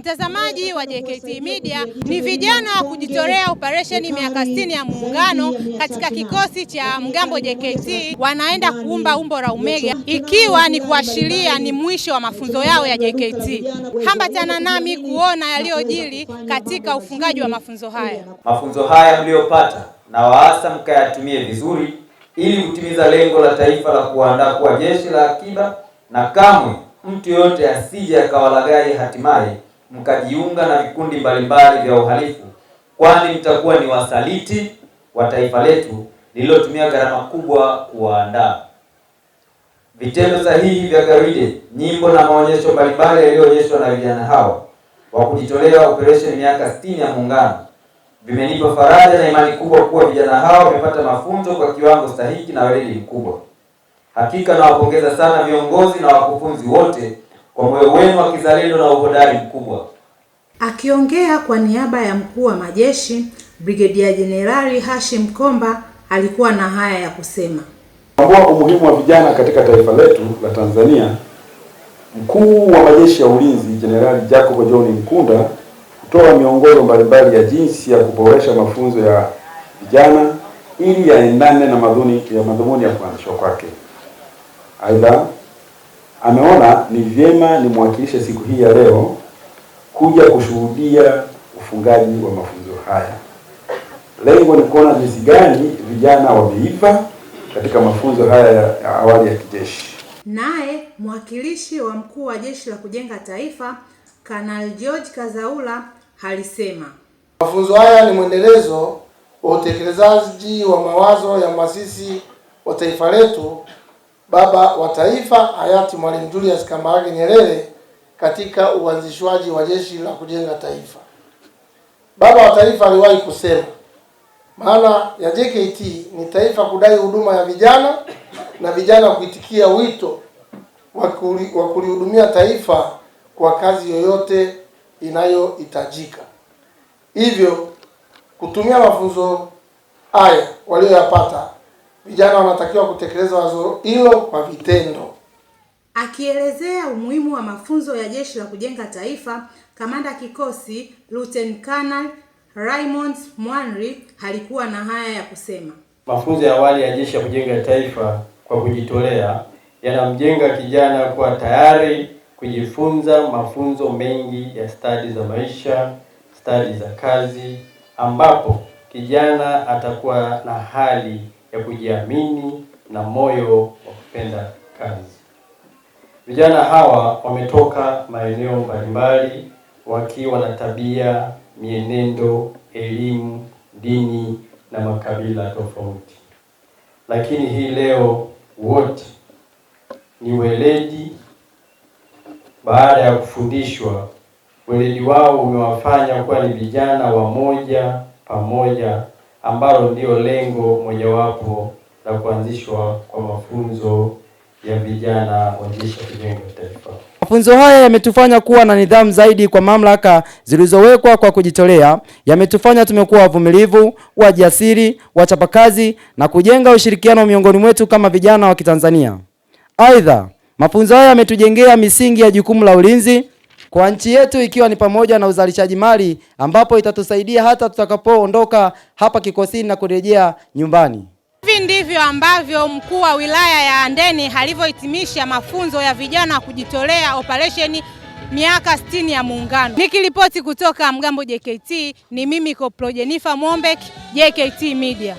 Mtazamaji wa JKT Media ni vijana wa kujitolea operesheni miaka 60 ya Muungano katika kikosi cha mgambo JKT, wanaenda kuumba umbo la Umega, ikiwa ni kuashiria ni mwisho wa mafunzo yao ya JKT. Hambatana nami kuona yaliyojiri katika ufungaji wa mafunzo haya. Mafunzo haya mliyopata na waasa mkayatumie vizuri, ili kutimiza lengo la taifa la kuandaa kuwa jeshi la akiba, na kamwe mtu yoyote asije akawalagai hatimaye mkajiunga na vikundi mbalimbali vya uhalifu, kwani mtakuwa ni wasaliti wa taifa letu lililotumia gharama kubwa kuwaandaa. Vitendo sahihi vya gwaride, nyimbo na maonyesho mbalimbali yaliyoonyeshwa na vijana hao wa kujitolea operesheni miaka 60 ya Muungano vimenipa faraja na imani kubwa kuwa vijana hao wamepata mafunzo kwa kiwango stahiki na weledi mkubwa. Hakika nawapongeza sana viongozi na wakufunzi wote kwa moyo wenu wa kizalendo na uhodari mkubwa. Akiongea kwa niaba ya mkuu wa majeshi Brigedia Jenerali Hashim Komba alikuwa na haya ya kusema: tambua umuhimu wa vijana katika taifa letu la Tanzania. Mkuu wa majeshi ya ulinzi Jenerali Jacob John Mkunda kutoa miongozo mbalimbali ya jinsi ya kuboresha mafunzo ya vijana ili yaendane na madhumuni ya kuanzishwa kwake. Aidha, ameona ni vyema nimwakilishe siku hii ya leo kuja kushuhudia ufungaji wa mafunzo haya. Lengo ni kuona jinsi gani vijana wameiva katika mafunzo haya ya awali ya kijeshi. Naye mwakilishi wa mkuu wa Jeshi la Kujenga Taifa Kanali George Kazaula alisema mafunzo haya ni mwendelezo wa utekelezaji wa mawazo ya mwasisi wa taifa letu baba wa taifa hayati Mwalimu Julius Kambarage Nyerere katika uanzishwaji wa jeshi la kujenga taifa. Baba wa taifa aliwahi kusema maana ya JKT ni taifa kudai huduma ya vijana na vijana kuitikia wito wa kulihudumia taifa kwa kazi yoyote inayohitajika. Hivyo kutumia mafunzo haya walioyapata vijana wanatakiwa kutekeleza wazo hilo kwa vitendo. Akielezea umuhimu wa mafunzo ya Jeshi la Kujenga Taifa, kamanda kikosi Luteni Kanali Raymond Mwanri alikuwa na haya ya kusema: mafunzo ya awali ya Jeshi la Kujenga Taifa kwa kujitolea yanamjenga kijana kuwa tayari kujifunza mafunzo mengi ya stadi za maisha, stadi za kazi, ambapo kijana atakuwa na hali ya kujiamini na moyo wa kupenda kazi. Vijana hawa wametoka maeneo mbalimbali wakiwa na tabia, mienendo, elimu, dini na makabila tofauti, lakini hii leo wote ni weledi. Baada ya kufundishwa, weledi wao umewafanya kuwa ni vijana wamoja pamoja ambalo ndio lengo mojawapo la kuanzishwa kwa mafunzo ya vijana wa Jeshi la Kujenga Taifa. Mafunzo haya yametufanya kuwa na nidhamu zaidi kwa mamlaka zilizowekwa kwa kujitolea, yametufanya tumekuwa wavumilivu, wajasiri, wachapakazi na kujenga ushirikiano miongoni mwetu kama vijana wa Kitanzania. Aidha, mafunzo haya yametujengea misingi ya jukumu la ulinzi kwa nchi yetu, ikiwa ni pamoja na uzalishaji mali ambapo itatusaidia hata tutakapoondoka hapa kikosini na kurejea nyumbani. Hivi ndivyo ambavyo mkuu wa wilaya ya Handeni alivyohitimisha mafunzo ya vijana wa kujitolea operesheni miaka 60 ya Muungano. Nikiripoti kutoka Mgambo JKT ni mimi Koplo Jenifa Mombek, JKT Media.